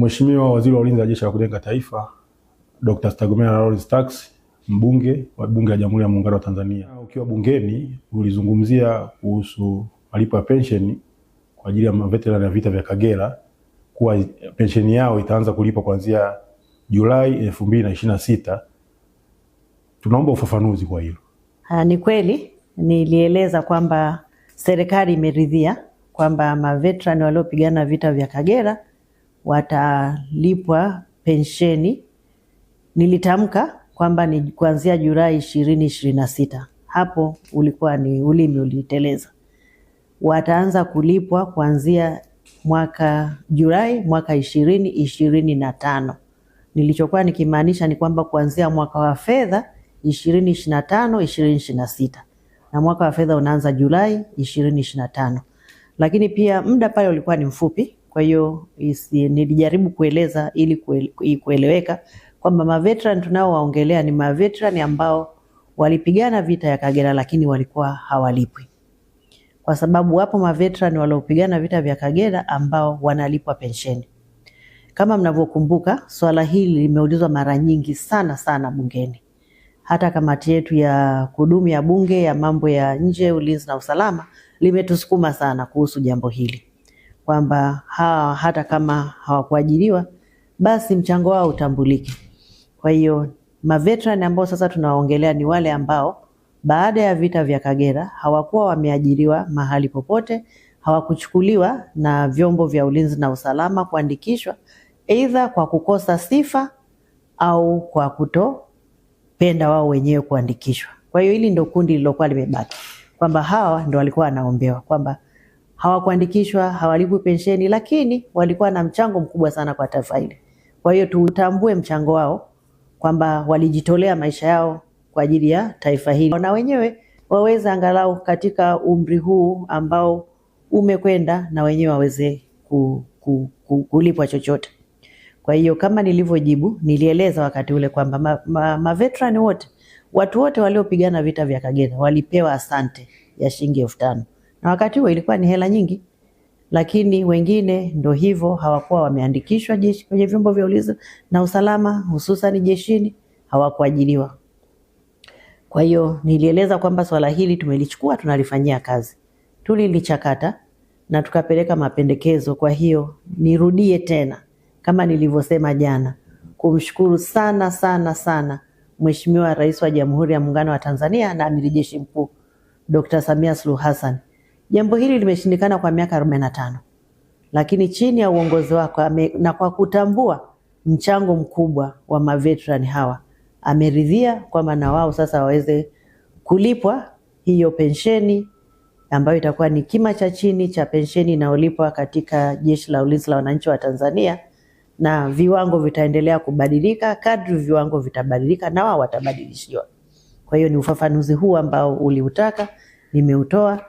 Mheshimiwa Waziri wa Ulinzi wa Jeshi la Kujenga Taifa Dr. Stergomena Lawrence Tax, mbunge wa Bunge la Jamhuri ya Muungano wa Tanzania, ukiwa bungeni ulizungumzia kuhusu malipo ya pensheni kwa ajili ya maveterani ya vita vya Kagera kuwa pensheni yao itaanza kulipwa kuanzia Julai elfu mbili na ishirini na sita. Tunaomba ufafanuzi kwa hilo. Ah, ni kweli nilieleza kwamba serikali imeridhia kwamba maveterani waliopigana vita vya Kagera watalipwa pensheni. Nilitamka kwamba ni kuanzia Julai ishirini ishirini na sita. Hapo ulikuwa ni ulimi uliteleza. Wataanza kulipwa kuanzia mwaka Julai mwaka ishirini ishirini na tano. Nilichokuwa nikimaanisha ni kwamba kuanzia mwaka wa fedha ishirini ishirini na tano ishirini ishirini na sita na mwaka wa fedha unaanza Julai ishirini ishirini na tano, lakini pia muda pale ulikuwa ni mfupi kwa hiyo nilijaribu kueleza ili kuele, kueleweka kwamba maveteran tunaowaongelea ni maveteran ambao walipigana vita ya Kagera lakini walikuwa hawalipwi, kwa sababu wapo maveteran waliopigana vita vya Kagera ambao wanalipwa pensheni. Kama mnavyokumbuka, swala hili limeulizwa mara nyingi sana sana bungeni. Hata kamati yetu ya kudumu ya bunge ya mambo ya nje, ulinzi na usalama limetusukuma sana kuhusu jambo hili kwamba hawa hata kama hawakuajiriwa basi mchango wao utambulike. Kwa hiyo maveteran ambao sasa tunawaongelea ni wale ambao baada ya vita vya Kagera hawakuwa wameajiriwa mahali popote, hawakuchukuliwa na vyombo vya ulinzi na usalama kuandikishwa, aidha kwa kukosa sifa au kwa kutopenda wao wenyewe kuandikishwa. Kwa hiyo hili ndo kundi lilokuwa limebaki, kwamba hawa ndo walikuwa wanaombewa kwamba hawakuandikishwa, hawalipwi pensheni, lakini walikuwa na mchango mkubwa sana kwa taifa hili. Kwa hiyo tutambue mchango wao kwamba walijitolea maisha yao kwa ajili ya taifa hili, na wenyewe waweze angalau katika umri huu ambao umekwenda, na wenyewe waweze ku, ku, ku, kulipwa chochote. Kwa hiyo kama nilivyojibu, nilieleza wakati ule kwamba maveterani ma, ma wote watu wote waliopigana vita vya Kagera walipewa asante ya shilingi elfu tano na wakati huo ilikuwa ni hela nyingi, lakini wengine ndo hivyo hawakuwa wameandikishwa jeshi kwenye vyombo vya ulinzi na usalama, hususan jeshini hawakuajiliwa. Kwa hiyo nilieleza kwamba swala hili tumelichukua, tunalifanyia kazi, tulilichakata na tukapeleka mapendekezo. Kwa hiyo nirudie tena kama nilivyosema jana, kumshukuru sana sana sana Mheshimiwa Rais wa Jamhuri ya Muungano wa Tanzania na Amiri Jeshi Mkuu Dr. Samia Suluhu Hassan Jambo hili limeshindikana kwa miaka 45, lakini chini ya uongozi wako na kwa kutambua mchango mkubwa wa maveterani hawa ameridhia kwamba na wao sasa waweze kulipwa hiyo pensheni ambayo itakuwa ni kima cha chini cha pensheni inayolipwa katika Jeshi la Ulinzi la Wananchi wa Tanzania, na viwango vitaendelea kubadilika kadri viwango vitabadilika na wao watabadilishiwa. Kwa hiyo ni ufafanuzi huu ambao uliutaka, nimeutoa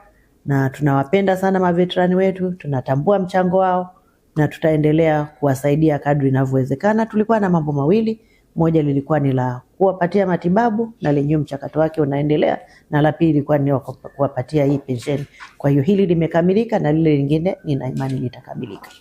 na tunawapenda sana maveterani wetu, tunatambua mchango wao na tutaendelea kuwasaidia kadri inavyowezekana. Tulikuwa na mambo mawili, moja lilikuwa ni la kuwapatia matibabu na lenyewe mchakato wake unaendelea, na la pili ilikuwa ni kuwapatia hii pensheni. Kwa hiyo hili limekamilika na lile lingine nina imani litakamilika.